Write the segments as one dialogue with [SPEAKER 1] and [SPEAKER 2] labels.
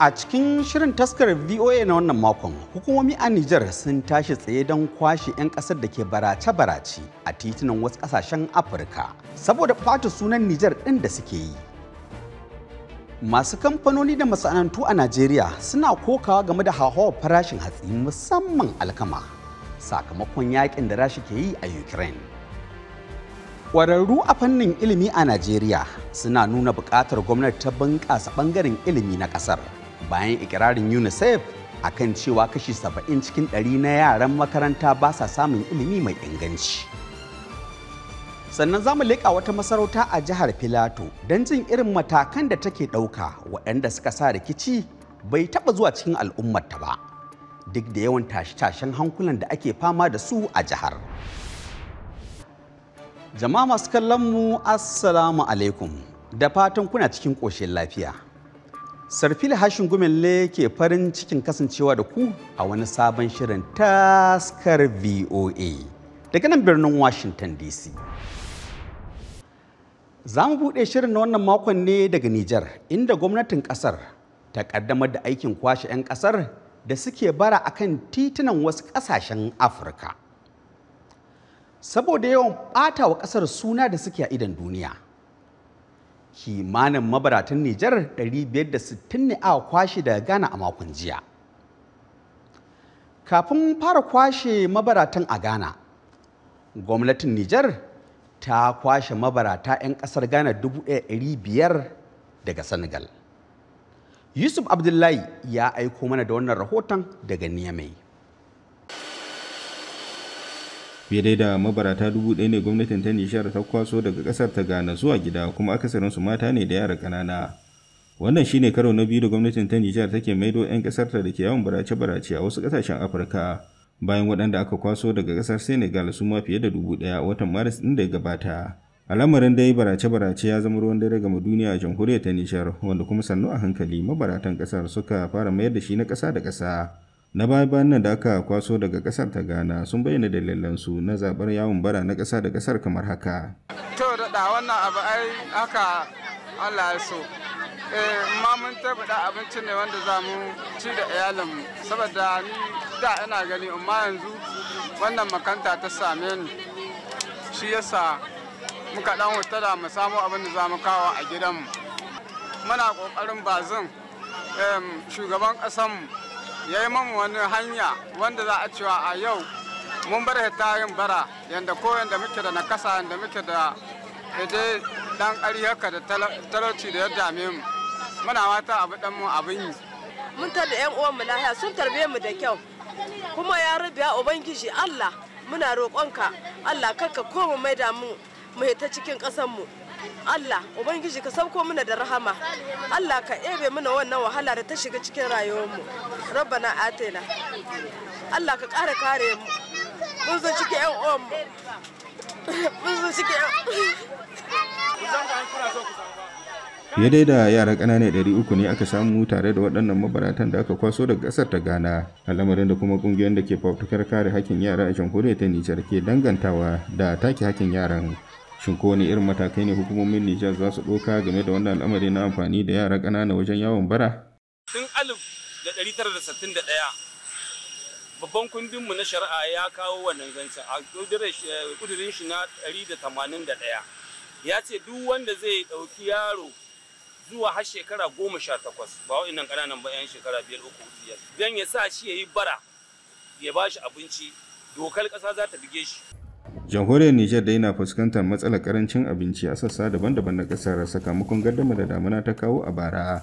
[SPEAKER 1] A cikin shirin taskar VOA na wannan makon, hukumomi a Nijar sun tashi tsaye don kwashe 'yan ƙasar da ke barace-barace a titunan wasu ƙasashen Afirka, saboda fata sunan Nijar ɗin da suke yi. Masu kamfanoni da masana'antu a Najeriya suna kokawa game da hauhawar farashin hatsi musamman alkama, sakamakon yakin da rashi ke yi a Ukraine. Ƙwararru a fannin ilimi a Najeriya suna nuna buƙatar gwamnati ta bunƙasa ɓangaren ilimi na ƙasar. bayan ikirarin unicef a kan cewa kashi 70 cikin 100 na yaran makaranta ba sa samun ilimi mai inganci sannan za mu leƙa wata masarauta a jihar filato don jin irin matakan da take ɗauka waɗanda suka sa rikici bai taɓa zuwa cikin al'ummarta ba duk da yawan tashe-tashen hankulan da ake fama da su a jihar jama'a masu kallon mu assalamu alaikum da fatan kuna cikin ƙoshin lafiya sarfila hashin gumelle ke farin cikin kasancewa da ku a wani sabon shirin taskar voa daga nan birnin washington dc za mu buɗe shirin na wannan makon ne daga nijar inda gwamnatin ƙasar ta ƙaddamar da aikin kwashe 'yan ƙasar da suke bara a kan titunan wasu ƙasashen afirka saboda yawan ɓata wa ƙasar suna da suke a idon duniya kimanin mabaratan Nijar 560 ne a kwashe daga Ghana a makon jiya. Kafin fara kwashe mabaratan a Ghana, gwamnatin Nijar ta kwashe mabarata 'yan ƙasar Ghana 1,500 daga Senegal. Yusuf Abdullahi ya aiko mana da wannan rahoton daga Niamey.
[SPEAKER 2] fiye da mabarata dubu ɗaya ne gwamnatin ta nishar ta kwaso daga ƙasar ta gana zuwa gida kuma akasarin su mata ne da yara ƙanana wannan shine karo na biyu da gwamnatin ta nijar take maido 'yan ƙasar ta da ke yawan barace-barace a wasu ƙasashen afirka bayan waɗanda aka kwaso daga ƙasar senegal su ma fiye da dubu ɗaya watan maris ɗin da ya gabata al'amarin dai barace-barace ya zama ruwan dare gama duniya a jamhuriyar ta nijar wanda kuma sannu a hankali mabaratan ƙasar suka fara mayar da shi na ƙasa da ƙasa na baya-bayan nan da aka kwaso daga kasar ta gana sun bayyana dalilansu na zaɓar yawon bara na kasa da kasar kamar haka to da wannan abu ai haka allah ya so
[SPEAKER 3] eh ma mun tabbata abinci ne wanda za mu ci da mu saboda ni da ina gani amma yanzu wannan makanta ta same ni shi yasa muka dan da mu samu abin da za mu kawo a gidan mu muna kokarin bazin shugaban ƙasanmu ya yi mamu wani hanya wanda za a cewa a yau mun bar ta yin bara yadda ko yadda muke da nakasa yadda muke da dai dan ƙari haka da talauci da ya dame mu
[SPEAKER 4] muna wata abu dan mu abin yi mun tarda yan uwan mu lahiya sun tarbe mu da kyau kuma ya rubiya ubangiji Allah muna roƙonka Allah karka koma mai da mu mu ta cikin ƙasar mu Allah ubangiji ka sauko mana da rahama Allah ka ebe mana wannan wahala da ta shiga cikin rayuwarmu rabbana atina. Allah ka ƙara kare mu
[SPEAKER 5] mun zo cikin ƴan uwan
[SPEAKER 4] mu mun zo cikin
[SPEAKER 2] fiye da yara ɗari uku ne aka samu tare da waɗannan mabaratan da aka kwaso daga ƙasar ta ghana al'amarin da kuma ƙungiyoyin da ke fafutukar kare hakkin yara a jamhuriyar ta nijar ke dangantawa da take hakkin yaran shin ko wani irin matakai ne hukumomin Nijar za su ɗauka game da wannan al'amari na amfani da yara ƙanana wajen yawon bara?
[SPEAKER 6] Tun alif da ɗari tara da sittin da ɗaya babban kundinmu na shari'a ya kawo wannan zance a eh, ƙudurin shi na ɗari da tamanin da ɗaya ya ce duk wanda zai ɗauki yaro zuwa har shekara goma sha takwas ba wa'innan ƙananan ba 'yan shekara biyar uku biyar don ya sa shi ya yi bara ya ba shi abinci dokar ƙasa za ta bige shi
[SPEAKER 2] jamhuriyar nijar dai na fuskantar matsalar karancin abinci a sassa daban-daban na kasar sakamakon gardama da damuna ta kawo a bara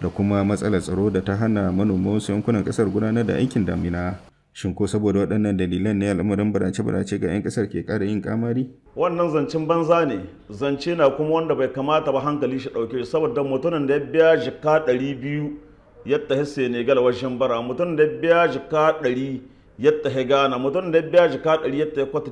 [SPEAKER 2] da kuma matsalar tsaro da ta hana manoman su yankunan kasar gudanar da aikin damina shin ko saboda waɗannan dalilan ne al'amarin barace-barace ga 'yan kasar ke ƙara yin kamari
[SPEAKER 7] wannan zancen banza ne zance na kuma wanda bai kamata ba hankali shi ɗauke saboda mutumin da ya biya jika ɗari biyu ya ne senegal wajen bara mutumin da ya biya jika ɗari yadda ya gana mutumin da biya jika ɗari yatta he kwata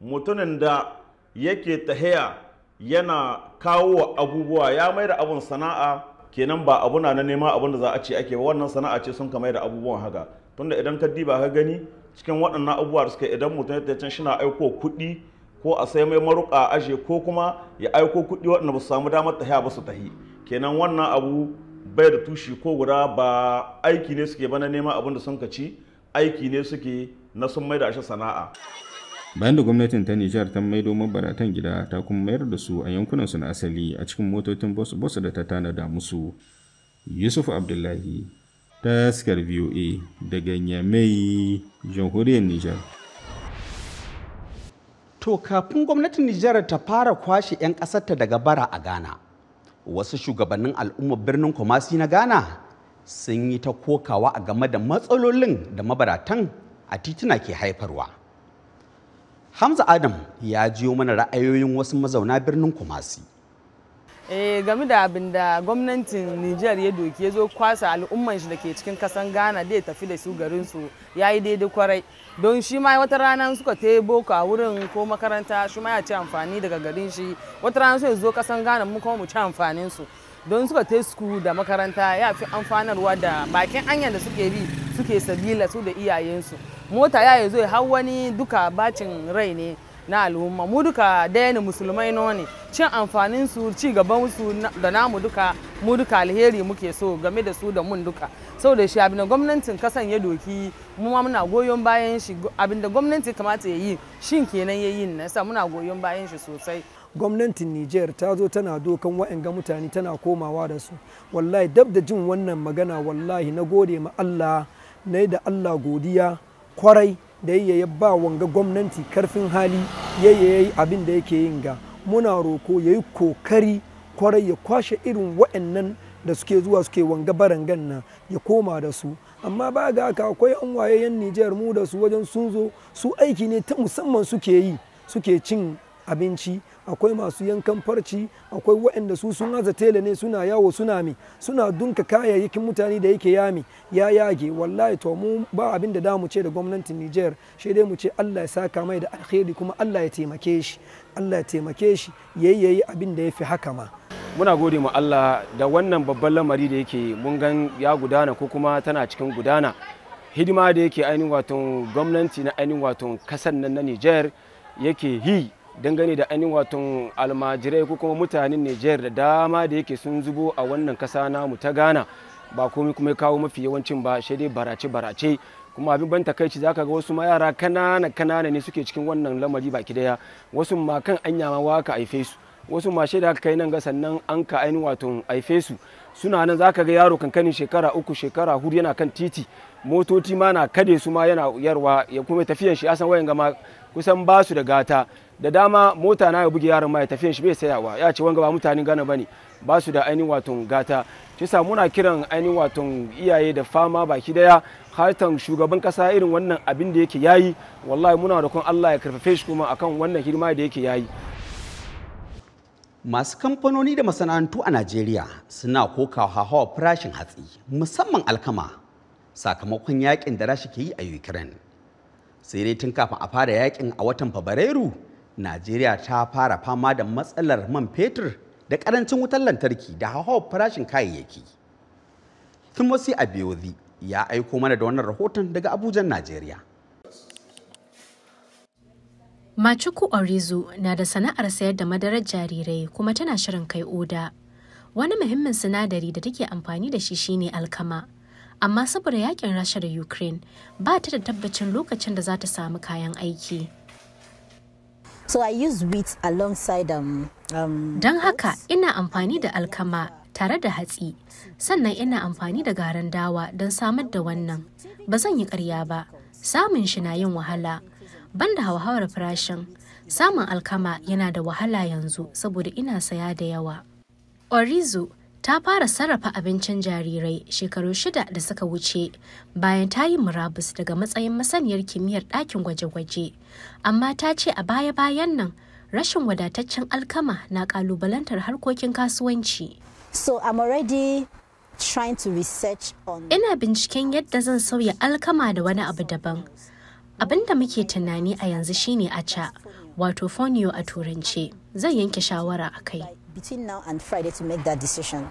[SPEAKER 7] mutumin da yake tahiya yana kawo abubuwa ya mai da abun sana'a kenan ba abu na nema abun da za a ce ake wannan sana'a ce sun ka mai da abubuwan haka tunda idan ka diba ka gani cikin waɗannan abubuwa suka idan mutum ya shi na aiko kuɗi ko a sai mai maruƙa aje ko kuma ya aiko kuɗi waɗanda ba su samu damar tahiya ba su tahi kenan wannan abu bai da tushi ko guda ba aiki ne suke ba na nema abun da sun ka ci aiki ne suke na sun da shi sana'a
[SPEAKER 2] bayan da gwamnatin ta nijar ta maido mabaratan gida ta kuma mayar da su a yankunan su na asali a cikin motocin bus da ta tanada musu yusuf abdullahi ta askar voa daga nyamai jamhuriyar nijar
[SPEAKER 7] to
[SPEAKER 1] kafin gwamnatin nijar ta fara kwashe 'yan ƙasarta daga bara a ghana wasu shugabannin al'ummar birnin kumasi na ghana sun yi ta kokawa a game da matsalolin da mabaratan a tituna ke haifarwa. Hamza Adam ya jiyo mana ra'ayoyin wasu mazauna birnin Kumasi.
[SPEAKER 4] Eh, game da abin da
[SPEAKER 8] gwamnatin Nijar ya doki ya zo kwasa al'umman shi da ke cikin kasan Ghana da ya tafi da su garin su ya yi daidai kwarai. Don shi ma wata rana suka te boko a wurin ko makaranta shi ma ya ci amfani daga garin shi wata rana su ya zo kasan Ghana mu kuma mu ci amfanin su. don suka ta su da makaranta ya fi amfanarwa da bakin hanyar da suke bi suke sabila su da iyayensu mota ya zo har wani duka bacin rai ne na al'umma mu duka daya musulmai no ne cin amfanin su ci gaban su da namu duka mu duka alheri muke so game da su da mun duka saboda shi abinda gwamnatin kasan ya doki mu ma muna goyon bayan shi abinda gwamnati kamata ya yi shin kenan ya yi na muna
[SPEAKER 4] goyon bayan shi sosai
[SPEAKER 3] gwamnatin niger ta zo tana dokan wa'anga mutane tana komawa da su wallahi dab da jin wannan magana wallahi na gode ma allah na da allah godiya kwarai da yi ya ba wanga gwamnati karfin hali ya yi abin da yake yin ga muna roko ya yi kokari kwarai ya kwashe irin wa'annan da suke zuwa suke wanga barangan nan ya koma da su amma ba ga haka akwai an yan Nijar mu da su wajen sun zo su aiki ne ta musamman suke yi suke cin abinci akwai masu yankan farci akwai waɗanda su sun aza tela ne suna yawo suna mi suna dunka kayayyakin mutane da yake yami ya yage wallahi to mu ba abin da damu ce da gwamnatin Niger shi dai mu ce Allah ya saka mai da alheri kuma Allah ya taimake shi Allah ya taimake shi yayi yayi abin da ya fi haka ma
[SPEAKER 6] muna gode mu Allah da wannan babban lamari da yake mun gan ya gudana ko kuma tana cikin gudana hidima da yake ainihin wato gwamnati na ainihin wato kasar nan na Niger yake yi dangane da ainihin watan almajirai ko kuma mutanen nijar da dama da yake sun zubo a wannan kasa namu ta ghana ba komai kuma kawo mafi yawancin ba shi dai barace barace kuma abin ban takaici zaka ga wasu ma yara kanana kanana ne suke cikin wannan lamari baki daya wasu ma kan anya ma waka aife su wasu ma shaida kai nan ga sannan an ka ainihin watan aife su suna nan zaka ga yaro kankanin shekara uku shekara hudu yana kan titi motoci ma na kade su ma yana yarwa ya kuma tafiyan shi asan wayan gama kusan ba su da gata da dama mota na ya buge yaron ma ya tafi shi bai sayawa ya ce wanga ba mutanen gana bane ba su da ainihin watan gata kisa muna kiran ainihin watan iyaye da fama baki daya hatan shugaban kasa irin wannan abin da yake yayi wallahi muna roƙon Allah ya karfafe shi kuma akan wannan hidima da yake yayi masu kamfanoni da masana'antu a
[SPEAKER 1] Najeriya suna koka hawa farashin hatsi musamman alkama sakamakon yakin da rashi ke yi a Ukraine sai dai tun kafin a fara yakin a watan Fabrairu najeriya ta fara fama da matsalar man fetur da karancin wutar lantarki da hauhawar farashin kayayyaki timothy abiyozi ya aiko mana da wannan rahoton daga abujan najeriya
[SPEAKER 9] machuku orizu na da sana'ar sayar da madarar jarirai kuma tana shirin kai oda wani muhimmin sinadari da take amfani da shi shine alkama amma saboda yakin rasha da ukraine ba ta da tabbacin lokacin da za ta samu kayan aiki So I
[SPEAKER 10] use wheat alongside um, um Don
[SPEAKER 9] haka ina amfani da alkama tare da hatsi sannan ina amfani da garin dawa don samar da wannan. Ba zan yi ƙarya ba, samun shi na yin wahala. Banda hauhawar farashin, samun alkama yana da wahala yanzu saboda ina saya da yawa. Orizo ta fara sarrafa abincin jarirai shekaru shida da suka wuce bayan ta yi murabus daga matsayin masaniyar kimiyyar ɗakin gwaje-gwaje amma ta ce a baya-bayan nan rashin wadataccen alkama na ƙalubalantar harkokin kasuwanci so i'm already trying to research on ina binciken yadda zan sauya alkama da wani abu daban abinda muke tunani a yanzu shine a aca wato fonio a turance zan yanke shawara a kai
[SPEAKER 10] between now and Friday to make that decision.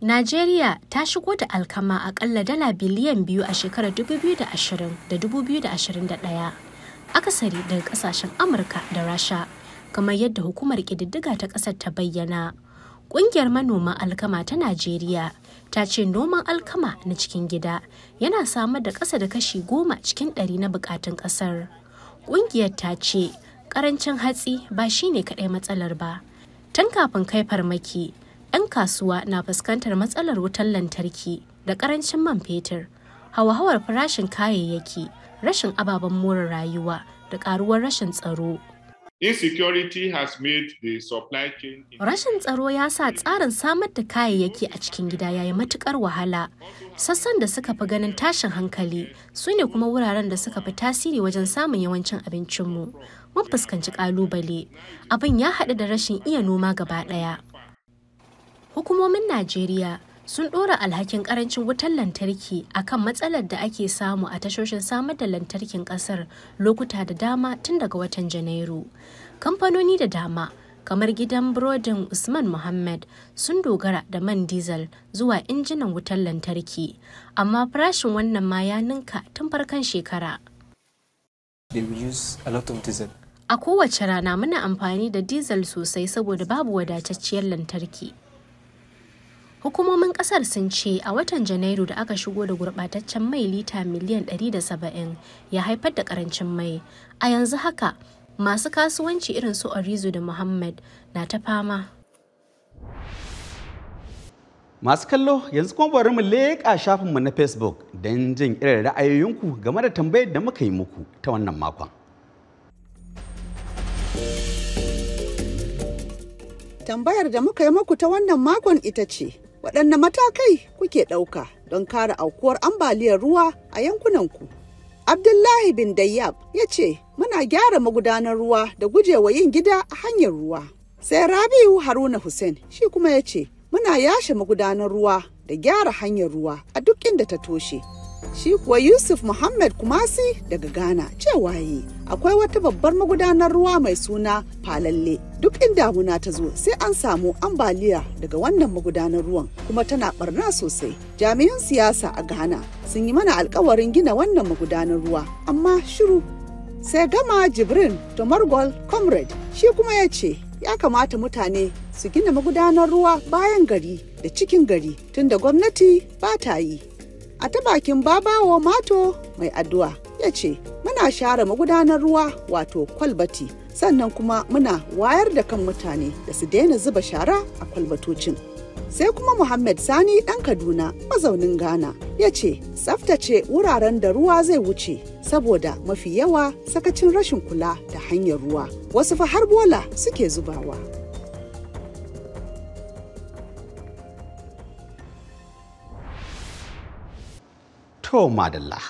[SPEAKER 9] Najeriya ta shigo da alkama akalla dala biliyan biyu a shekarar 2020 da 2021 akasari daga kasashen Amurka da Rasha kamar yadda hukumar ƙididdiga ta ƙasar ta bayyana. Ƙungiyar manoman alkama ta Najeriya ta ce noman alkama na cikin gida yana samar da ƙasa da kashi goma cikin ɗari na buƙatun ƙasar. Ƙungiyar ta ce ƙarancin hatsi ba shine kaɗai matsalar ba. Tun kafin kai farmaki, 'yan kasuwa na fuskantar matsalar wutar lantarki da ƙarancin man fetur, hawa-hawar farashin kayayyaki, rashin ababen more rayuwa da ƙaruwar rashin tsaro. Rashin tsaro ya sa tsarin samar da kayayyaki a cikin gida ya yi matukar wahala. Sassan da suka fi ganin tashin hankali su ne kuma wuraren da suka fi tasiri wajen samun yawancin abincinmu. mun fuskanci ƙalubale abin ya haɗu da rashin iya noma gaba ɗaya hukumomin najeriya sun ɗora alhakin ƙarancin wutar lantarki a kan matsalar da ake samu a tashoshin samar da lantarkin ƙasar lokuta da dama tun daga watan janairu kamfanoni da dama kamar gidan burodin usman muhammad sun dogara da man diesel zuwa injinan wutar lantarki amma farashin wannan ma ya ninka tun farkon shekara a A kowace rana muna amfani da diesel sosai saboda babu wadatacciyar lantarki. Hukumomin kasar sun ce a watan Janairu da aka shigo da gurbataccen mai lita miliyan 170 ya haifar da karancin mai. A yanzu haka masu kasuwanci irin su Orizu da Muhammad na ta fama.
[SPEAKER 1] Masu kallo yanzu kuma bari mu leƙa shafinmu na Facebook don jin irin ra'ayoyinku game da tambayar da muka yi muku ta wannan makon.
[SPEAKER 5] Tambayar da muka yi muku ta wannan makon ita ce, waɗanne matakai kuke ɗauka don kare aukuwar ambaliyar ruwa a yankunanku? Abdullahi bin Dayyab ya ce, muna gyara magudanar ruwa da gujewa yin gida a hanyar ruwa. Sai Rabiu Haruna Hussein shi kuma ya ce, muna yashe magudanar ruwa da gyara hanyar ruwa a duk inda ta toshe shi kuwa yusuf muhammad kumasi daga ghana cewa yi akwai wata babbar magudanar ruwa mai suna falalle duk in damuna ta zo sai an samu ambaliya daga wannan magudanar ruwan kuma tana barna sosai jami'an siyasa a ghana sun yi mana alkawarin gina wannan magudanar ruwa amma shiru sai gama jibrin tomargol comrade shi kuma ya ce ya kamata mutane su gina magudanar ruwa bayan gari da cikin gari tun da gwamnati ba ta yi. A ta bakin babawo mato mai addu'a ya ce, Muna share magudanar ruwa wato kwalbati, sannan kuma muna wayar da kan mutane da su daina zuba shara a kwalbatocin. sai kuma Muhammad Sani ɗan Kaduna mazaunin Ghana ya ce tsaftace wuraren da ruwa zai wuce saboda mafi yawa sakacin rashin kula da hanyar ruwa wasu fa har bola suke zubawa.
[SPEAKER 1] To madalla,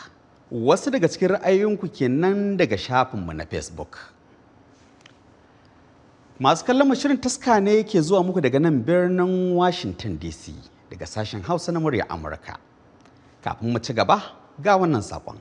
[SPEAKER 1] wasu daga cikin ra'ayoyinku kenan daga shafinmu na Facebook. Masu kallon shirin taska ne ke zuwa muku daga nan birnin Washington DC daga sashen Hausa na murya Amurka. Kafin mu ci gaba ga wannan sakon.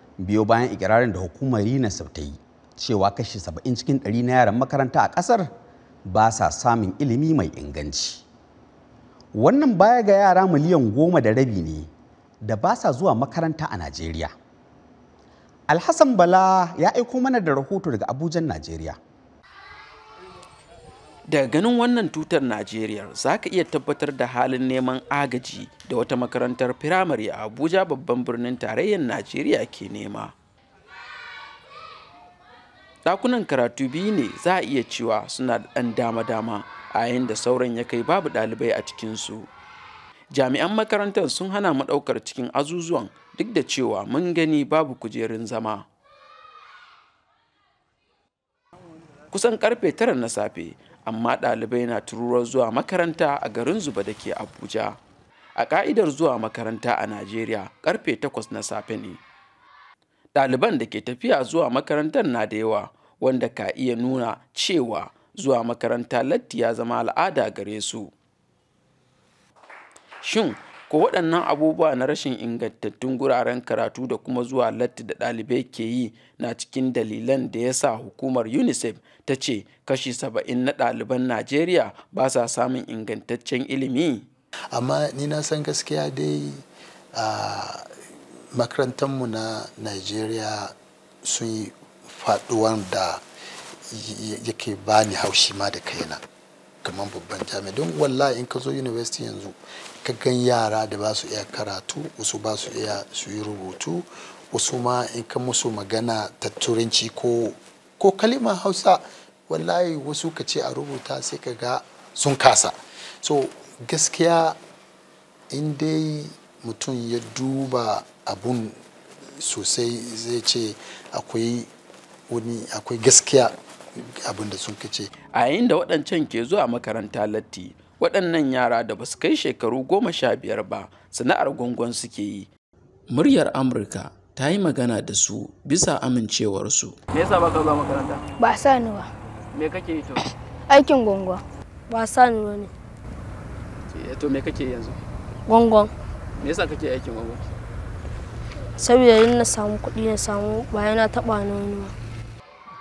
[SPEAKER 1] biyo bayan ikirarin da hukumar UNICEF ta yi cewa kashi 70 cikin 100 na yaran makaranta a ƙasar ba sa samun ilimi mai inganci. Wannan baya ga yara miliyan goma da rabi ne da ba sa zuwa makaranta a Najeriya. Alhassan Bala ya aiko mana da rahoto daga Abuja, Najeriya.
[SPEAKER 8] Daga ganin wannan tutar Najeriya za ka iya tabbatar da halin neman agaji da wata makarantar firamare a Abuja babban birnin tarayyar Najeriya ke nema. Ɗakunan karatu biyu ne za a iya cewa suna da ɗan dama-dama a yayin da sauran ya kai babu ɗalibai a cikinsu. Jami'an makarantar sun hana mu ɗaukar cikin azuzuwan duk da cewa mun gani babu kujerun zama. Kusan karfe tara na safe amma ɗalibai na tururar zuwa makaranta a garin zuba da ke abuja a ƙa'idar zuwa makaranta a najeriya karfe 8 na safe ne ɗaliban da ke tafiya zuwa makarantar na da yawa wanda ka iya nuna cewa zuwa makaranta latti ya zama al'ada gare su shin ko waɗannan abubuwa na rashin ingantattun guraren karatu da kuma zuwa latti da ɗalibai ke yi na cikin dalilan da ya sa hukumar unicef ta ce kashi saba'in na ɗaliban najeriya ba sa samun ingantaccen ilimi
[SPEAKER 7] amma ni na san gaskiya dai a makarantarmu na najeriya sun yi faɗuwan da yake ba ni haushi ma da kaina kamar babban jami'a don wallahi in ka zo university yanzu Ka gan yara da ba su iya karatu wasu ba su iya su yi rubutu wasu ma in ka musu magana ta turanci ko ko kalimar hausa wallahi wasu ka ce a rubuta sai ka ga sun kasa so gaskiya in dai mutum ya
[SPEAKER 8] duba abun sosai zai ce akwai wani gaskiya abin da sun kace a yayin da waɗancan ke zuwa makaranta latti waɗannan yara da ba su kai shekaru goma sha biyar ba sana'ar gwangwan suke yi muryar amurka ta yi magana da su bisa amincewarsu me yasa baka zuwa makaranta
[SPEAKER 9] ba sa ni ba
[SPEAKER 8] me kake yi to
[SPEAKER 9] aikin gwangwan ba sa ni ba ne
[SPEAKER 8] eh, to me kake yanzu gwangwan me yasa kake aikin gwangwan
[SPEAKER 9] saboda yin na samu kuɗi na samu bayan na taɓa nono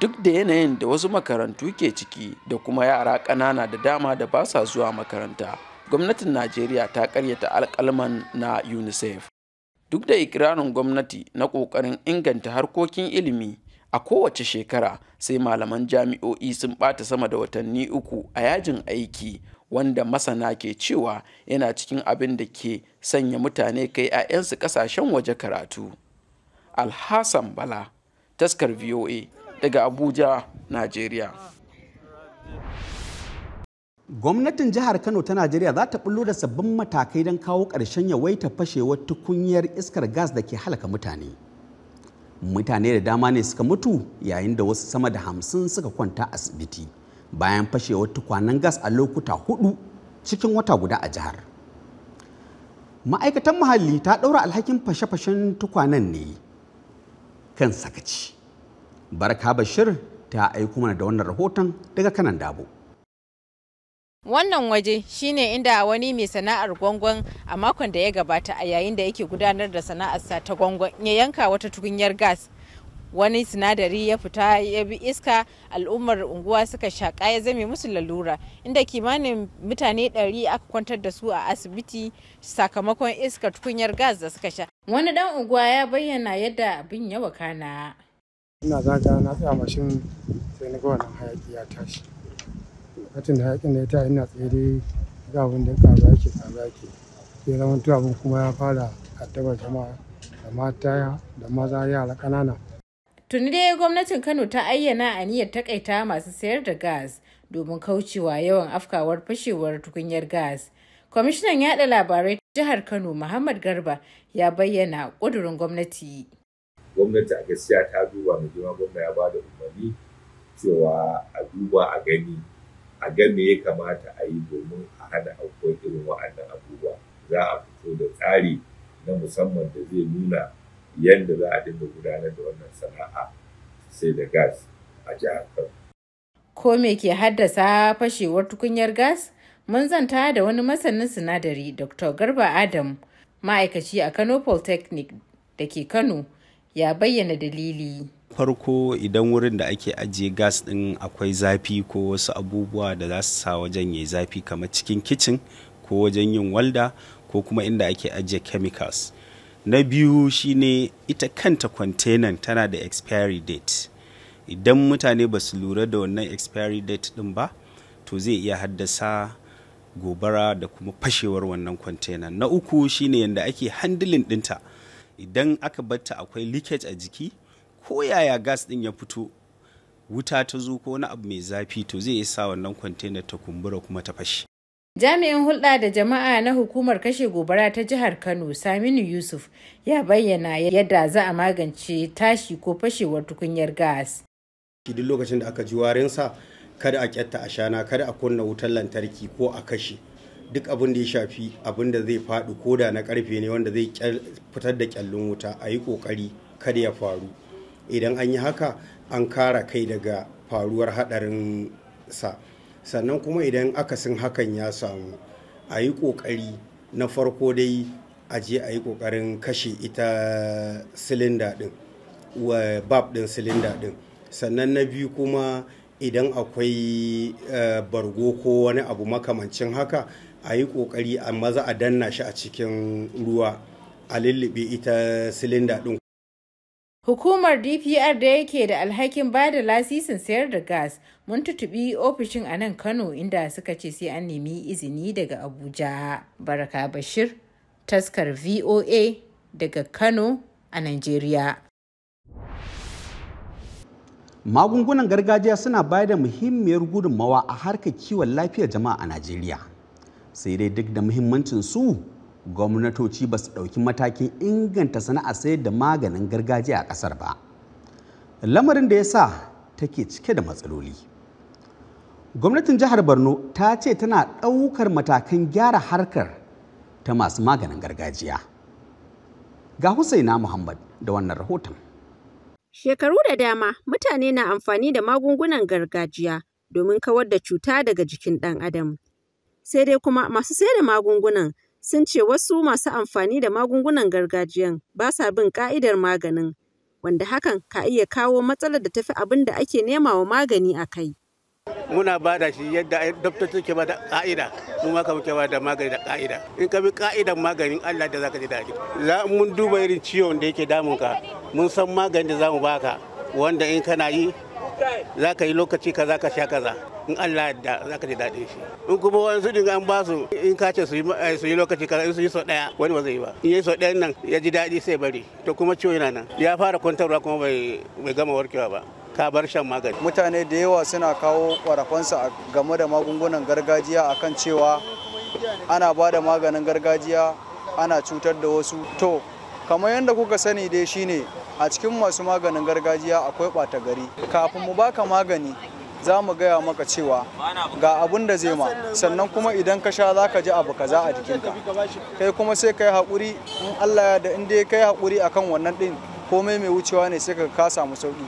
[SPEAKER 8] duk da yanayin da wasu makarantu ke ciki da kuma yara ƙanana da dama da ba sa zuwa makaranta gwamnatin najeriya ta karyata alkalman na unicef duk da ikirarin gwamnati na ƙoƙarin inganta harkokin ilimi a kowace shekara sai malaman jami'o'i sun ɓata sama da watanni uku a yajin aiki wanda masana ke cewa yana cikin abin da ke sanya mutane kai 'ya'yansu ƙasashen waje karatu alhassan bala taskar voa daga Abuja, Najeriya. Gwamnatin
[SPEAKER 1] jihar Kano ta Najeriya za ta bullo da sabbin matakai don kawo ƙarshen yawaita fashewar tukunyar iskar gas da ke halaka mutane. Mutane da dama ne suka mutu yayin da wasu sama da hamsin suka kwanta asibiti bayan fashewar tukwanen gas a lokuta hudu cikin wata guda a jihar. Ma'aikatan muhalli ta ɗaura alhakin fashe-fashen tukwanen ne kan sakaci. Barka Bashir ta aiko mana da wannan rahoton daga kanan dabo.
[SPEAKER 10] Wannan waje shine inda wani mai sana'ar gwangwan a makon da ya gabata a yayin da yake gudanar da sana'arsa ta gwangwan ya yanka wata tukunyar gas. Wani sinadari ya fita ya bi iska al'ummar unguwa suka shaƙa ya zame musu lalura inda kimanin mutane ɗari aka kwantar da su a asibiti sakamakon iska tukunyar gas da suka sha. Wani ɗan unguwa ya bayyana yadda abin ya wakana.
[SPEAKER 3] ina zaga na tsaya
[SPEAKER 7] mashin sai na ga wannan hayaki ya tashi katin da hayakin da ya tashi ina tsaye dai ga abin da ka yake ka yake sai zaman to abin kuma ya fara addabar jama'a da mata da maza yara ƙanana
[SPEAKER 10] tuni dai gwamnatin kano ta ayyana aniyar takaita masu sayar da gas domin kaucewa yawan afkawar fashewar tukunyar gas kwamishinan yada labarai jihar kano muhammad garba ya bayyana ƙudurin gwamnati
[SPEAKER 7] gwamnati a gaskiya ta duba mai girma gwamna ya ba da umarni cewa a duba a gani a gan me ya kamata a yi domin a hana aukuwar irin wa'annan abubuwa za a fito da tsari na musamman da zai nuna yadda za a dinga gudanar da wannan sana'a sai da gas a jihar Kano.
[SPEAKER 10] Ko me ke haddasa fashewar tukunyar gas? Mun zanta da wani masanin sinadari Dr. Garba Adam ma'aikaci a Kano Polytechnic da ke Kano ya bayyana dalili.
[SPEAKER 7] farko idan wurin da ake ajiye gas din akwai zafi ko wasu abubuwa da za su sa wajen yi zafi kamar cikin kicin ko wajen yin walda ko kuma inda ake ajiye chemicals na biyu shine ita kanta kwantenan tana da expiry date idan mutane ba su lura da wannan expiry date din ba to zai iya haddasa gobara da kuma fashewar wannan kwantenan na uku shine yadda ake handling dinta idan aka batta akwai leakage a jiki ko yaya gas din ya fito wuta ta zo ko wani abu mai zafi to zai yi sa wannan kwantena ta kumbura kuma ta fashe
[SPEAKER 10] Jami'in hulɗa da jama'a na hukumar kashe gobara ta jihar Kano, Saminu Yusuf, ya bayyana yadda za a magance tashi ko fashewar tukunyar gas.
[SPEAKER 7] Duk lokacin da aka ji warinsa, kada a ƙyatta a shana, kada a kunna wutar lantarki ko a kashe. duk abin da ya shafi abin da zai faɗi koda na karfe ne wanda zai fitar da kyallin wuta a yi ƙoƙari kada ya faru idan an yi haka an kara kai daga faruwar haɗarin sa sannan kuma idan akasin hakan ya samu a yi ƙoƙari na farko dai a je a yi ƙoƙarin kashe ita silinda ɗin wa bab ɗin silinda ɗin sannan na biyu kuma idan akwai eh, bargo ko wani abu makamancin haka a yi kokari a maza a danna shi a cikin ruwa a lullube ita silinda ɗin
[SPEAKER 10] Hukumar DPR da yake da alhakin ba da lasisin sayar da gas mun tutubi ofishin a nan Kano inda suka ce sai an nemi izini daga Abuja. Baraka Bashir, taskar VOA daga Kano a Najeriya.
[SPEAKER 1] Magungunan gargajiya suna bayar da muhimmiyar gudunmawa a harkar kiwon lafiyar jama'a a Najeriya. sai dai duk da muhimmancin su gwamnatoci ba su ɗauki matakin inganta sana'a sayar da maganin gargajiya a ƙasar ba lamarin da ya sa take cike da matsaloli gwamnatin jihar borno ta ce tana ɗaukar matakan gyara harkar ta masu maganin gargajiya ga husaina muhammad da wannan rahoton
[SPEAKER 4] shekaru da dama mutane na amfani da magungunan gargajiya domin kawar da cuta daga jikin ɗan adam Sai dai kuma masu sai da magungunan sun ce wasu masu amfani da magungunan gargajiyan ba sa bin ka'idar maganin, wanda hakan ka iya kawo matsalar da tafi abin da ake nema wa magani a kai.
[SPEAKER 7] Muna ba da shi yadda doktoci ke ba da ka'ida, mu ma ka ba da magani da ka'ida. In ka bi ka'idan maganin Allah da za ka ji daɗi. Za mun duba irin ciwon da yake damun ka, mun san maganin da za mu baka, wanda in kana yi za ka yi lokaci kaza ka sha kaza. in Allah da za ka ji daɗin shi in kuma wani su dinga an ba su in ka ce su yi eh, lokaci kaza su yi sau ɗaya wani ba zai yi ba in yi sau ɗayan nan ya ji daɗi sai bari to kuma ciwo yana nan ya fara kwantarwa kuma bai gama warkewa ba ka bar shan
[SPEAKER 8] magani. Mutane da yawa suna kawo ƙwarafansa game da magungunan gargajiya a kan cewa ana ba da maganin gargajiya ana cutar da wasu. To, kamar yadda kuka sani dai shine a cikin masu maganin gargajiya akwai ɓata gari. Kafin mu baka magani za mu gaya maka cewa ga abun da zai ma sannan kuma idan ka sha za ka ji abu kaza a jikinka kai kuma sai ka yi haƙuri in allah ya da inda ya kai haƙuri akan wannan ɗin komai mai wucewa ne sai ka ka samu sauƙi.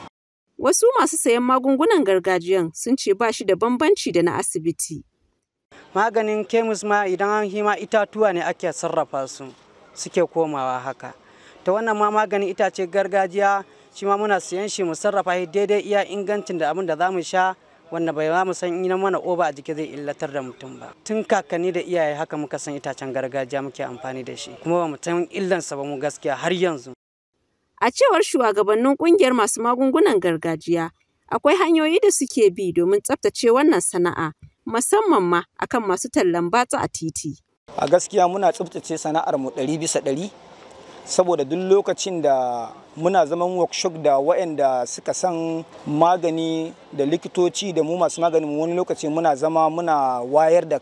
[SPEAKER 4] wasu masu sayan magungunan gargajiyan sun ce ba shi da bambanci da na asibiti. maganin kemis ma idan an hima itatuwa ne ake sarrafa su suke komawa haka ta wannan ma maganin itace gargajiya shi ma muna siyan shi mu sarrafa shi daidai iya ingancin da abin da za mu sha wanda bai mu san ina mana oba a jiki zai illatar da mutum ba tun kakanni da iyaye haka muka san itacen gargajiya muke amfani da shi kuma ba mu san illansa ba mu gaskiya har yanzu a cewar shugabannin kungiyar masu magungunan gargajiya akwai hanyoyi da suke bi domin tsaftace wannan sana'a musamman ma akan masu tallan batsa a titi a gaskiya muna tsaftace sana'ar mu ɗari bisa ɗari saboda
[SPEAKER 7] duk lokacin da muna zaman workshop da waɗanda suka san magani da likitoci da mu masu maganin wani lokaci muna zama muna wayar da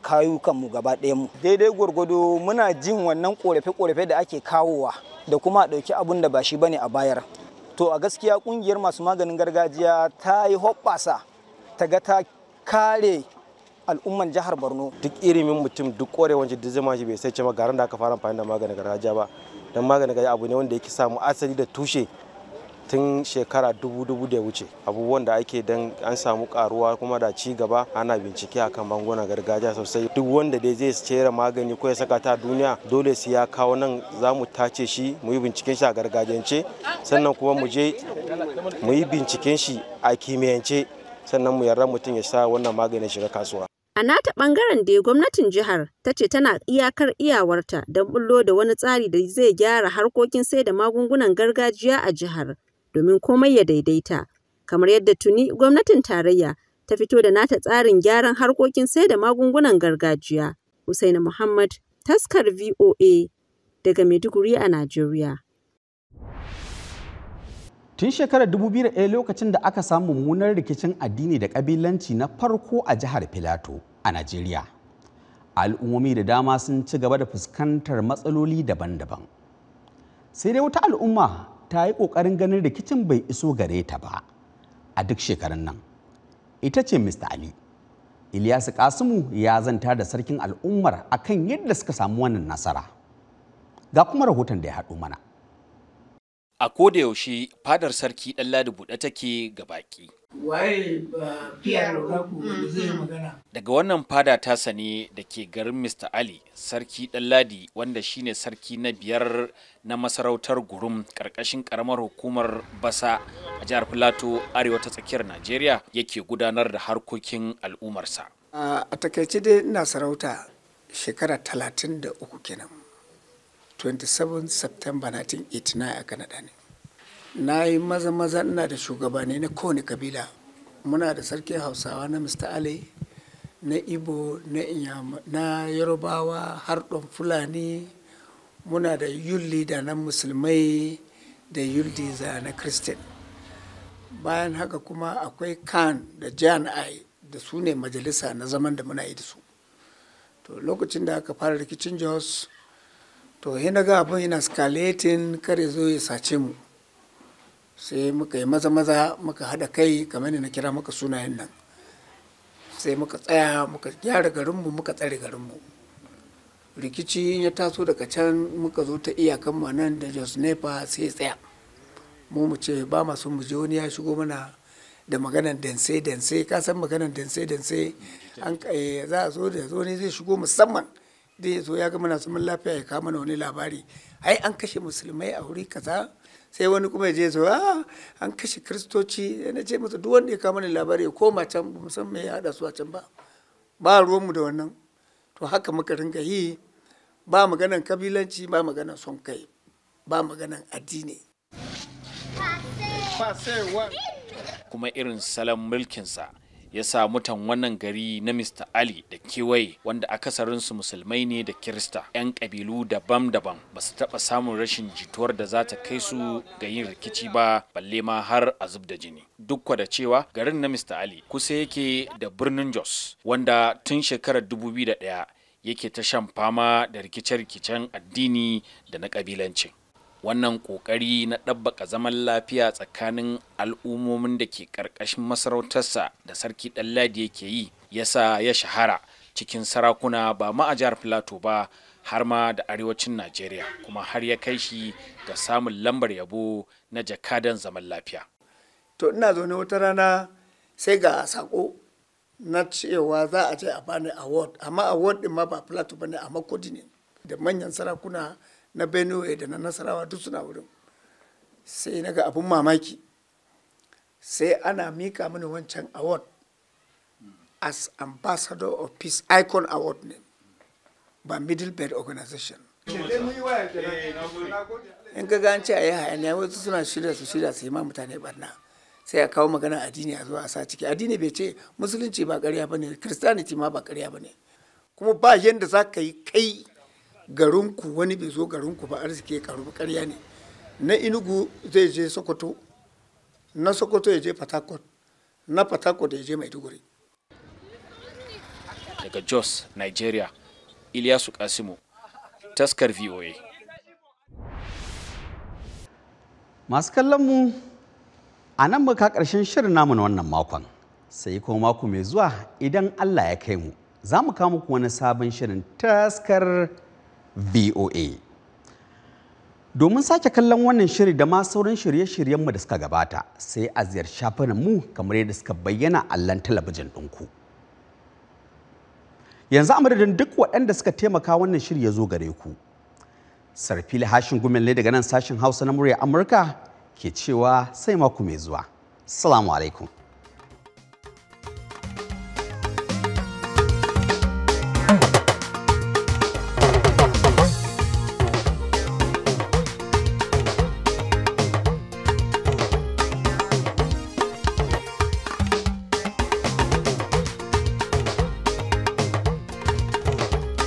[SPEAKER 7] mu gaba mu daidai gwargwado muna jin wannan korafe-korafe da ake kawowa da kuma ɗauki abun da ba shi bane a bayar to a gaskiya ƙungiyar masu maganin gargajiya ta yi
[SPEAKER 6] hoɓɓasa
[SPEAKER 7] ta ga ta kare al'umman jihar borno duk irimin mutum duk kwarewanci da zama shi bai sai ce ma garin da aka fara amfani da maganin gargajiya ba don maganin gari abu ne wanda yake samu asali da tushe tun shekara dubu dubu da wuce abubuwan da ake dan an samu karuwa kuma da ci gaba ana bincike akan bangona gargajiya sosai duk wanda dai zai cera magani ko ya saka ta duniya dole su ya kawo nan za mu tace shi mu yi binciken shi a gargajiyance sannan kuma mu je mu yi binciken shi a kimiyyance sannan mu yarda mutum ya sa wannan maganin shiga kasuwa
[SPEAKER 4] A nata ɓangaren dai gwamnatin jihar ta ce tana iyakar iyawarta don bullo da wani tsari da zai gyara harkokin sai da magungunan gargajiya a jihar domin komai ya daidaita. Kamar yadda tuni gwamnatin tarayya ta fito da nata tsarin gyaran harkokin sai da magungunan gargajiya. Usaini Muhammad, taskar VOA daga Maiduguri a Najeriya.
[SPEAKER 1] Tun shekarar 2001 lokacin da aka samu mummunar rikicin addini da ƙabilanci na farko a jihar Filato. a Najeriya. Al'ummomi da dama sun ci gaba da fuskantar matsaloli daban-daban. Sai dai wata al'umma ta yi ƙoƙarin ganin rikicin bai iso gare ta ba a duk shekarun nan. Ita ce Mr. Ali. Ilyasu Kasimu ya zanta da sarkin al'ummar akan yadda suka samu wannan nasara. Ga kuma rahoton da ya haɗu mana.
[SPEAKER 11] a koda yaushe fadar sarki dan ladi buɗe take ga baƙi.
[SPEAKER 3] waye mm-hmm. zai
[SPEAKER 11] magana daga wannan fada ta ne da ke garin mr ali sarki dan ladi wanda shine sarki na biyar na masarautar gurum karkashin karamar hukumar basa a jihar filato arewa ta tsakiyar najeriya yake gudanar da harkokin al'ummarsa
[SPEAKER 3] a takaice dai ina sarauta shekara talatin da uku kenan 27 september 1989 a kanada ne na yi maza maza ina da shugabanni na kowane kabila muna da sarkin hausawa na mr ali na ibo na inyama na yarubawa har don fulani muna da yulli da na musulmai da yuldi za na kristin bayan haka kuma akwai kan da jan ai da su ne majalisa na zaman da muna yi da su to lokacin da aka fara rikicin jos to he na ga abin yana skaletin kare zo ya sace mu sai muka yi maza maza muka haɗa kai kamar na kira maka sunayen nan sai muka tsaya muka gyara garinmu muka tsare garinmu rikici ya taso daga can muka zo ta iyakan mu nan da jos nepa sai tsaya mu mu ce ba ma son mu je wani ya shigo mana da maganan danse danse ka san maganan danse danse an eh, za a zo da zo ne zai shigo musamman zai zo ya gama zaman lafiya ya kama wani labari ai an kashe musulmai a wuri kaza sai wani kuma ya je zo a ah, an kashe kristoci na ce masa duk wanda ya kama labari ya koma can ba san mai ya haɗa su a can ba ba mu da wannan to haka muka ringa yi ba maganan kabilanci ba maganan son kai ba maganan addini
[SPEAKER 11] kuma irin salon mulkinsa ya sa mutan wannan gari na Mr. Ali da kewaye wanda akasarinsu musulmai ne da kirista 'yan ƙabilu daban-daban ba su taɓa samun rashin jituwar da za ta kai su ga yin rikici ba balle ma har a zub da jini duk da cewa garin na Mr. Ali kusa yake da birnin Jos wanda tun shekarar 2001 yake ta shan fama da rikice-rikicen addini da na ƙabilancin. wannan ƙoƙari na ɗabbaka zaman lafiya tsakanin al'ummomin da ke ƙarƙashin masarautarsa da sarki ɗanladi yake yi ya sa ya shahara cikin sarakuna ba ma a jihar filato ba har ma da arewacin najeriya kuma har ya kai shi ga samun lambar yabo na jakadan zaman lafiya
[SPEAKER 3] to ina zaune wata rana sai ga sako na cewa za a je a bani award amma award din ma ba ba ne amma makodi ne da manyan sarakuna na benue da na nasarawa duk suna wurin sai na ga abin mamaki sai ana mika mini wancan award as ambassador of peace icon award ne ba middle bed organization in ka ce a yi hayaniya wasu suna shirya su shirya su yi ma mutane barna sai a kawo magana addini a zuwa a sa ciki addini bai ce musulunci ba karya ba ne christianity ma ba karya ba ne kuma ba yadda za ka yi kai garinku wani bai zo garinku ba arziki ya karu karya ne na inugu zai je sokoto na sokoto ya je fatakot na fatakot ya je maiduguri
[SPEAKER 11] daga jos nigeria iliasu kasimu taskar voa
[SPEAKER 1] masu kallon mu a nan muka karshen shirin namu na wannan makon sai kuma mako mai zuwa idan allah ya kai mu za mu kawo muku wani sabon shirin taskar VOA. Domin sake kallon wannan shiri da ma sauran shirye-shiryenmu da suka gabata sai a ziyar mu kamar yadda suka bayyana allon talabijin ɗinku. Yanzu a madadin duk waɗanda suka taimaka wannan shiri ya zo gare ku. Sarfili hashin gumelle daga nan sashin Hausa na murya Amurka ke cewa sai maku mai zuwa. Salamu alaikum.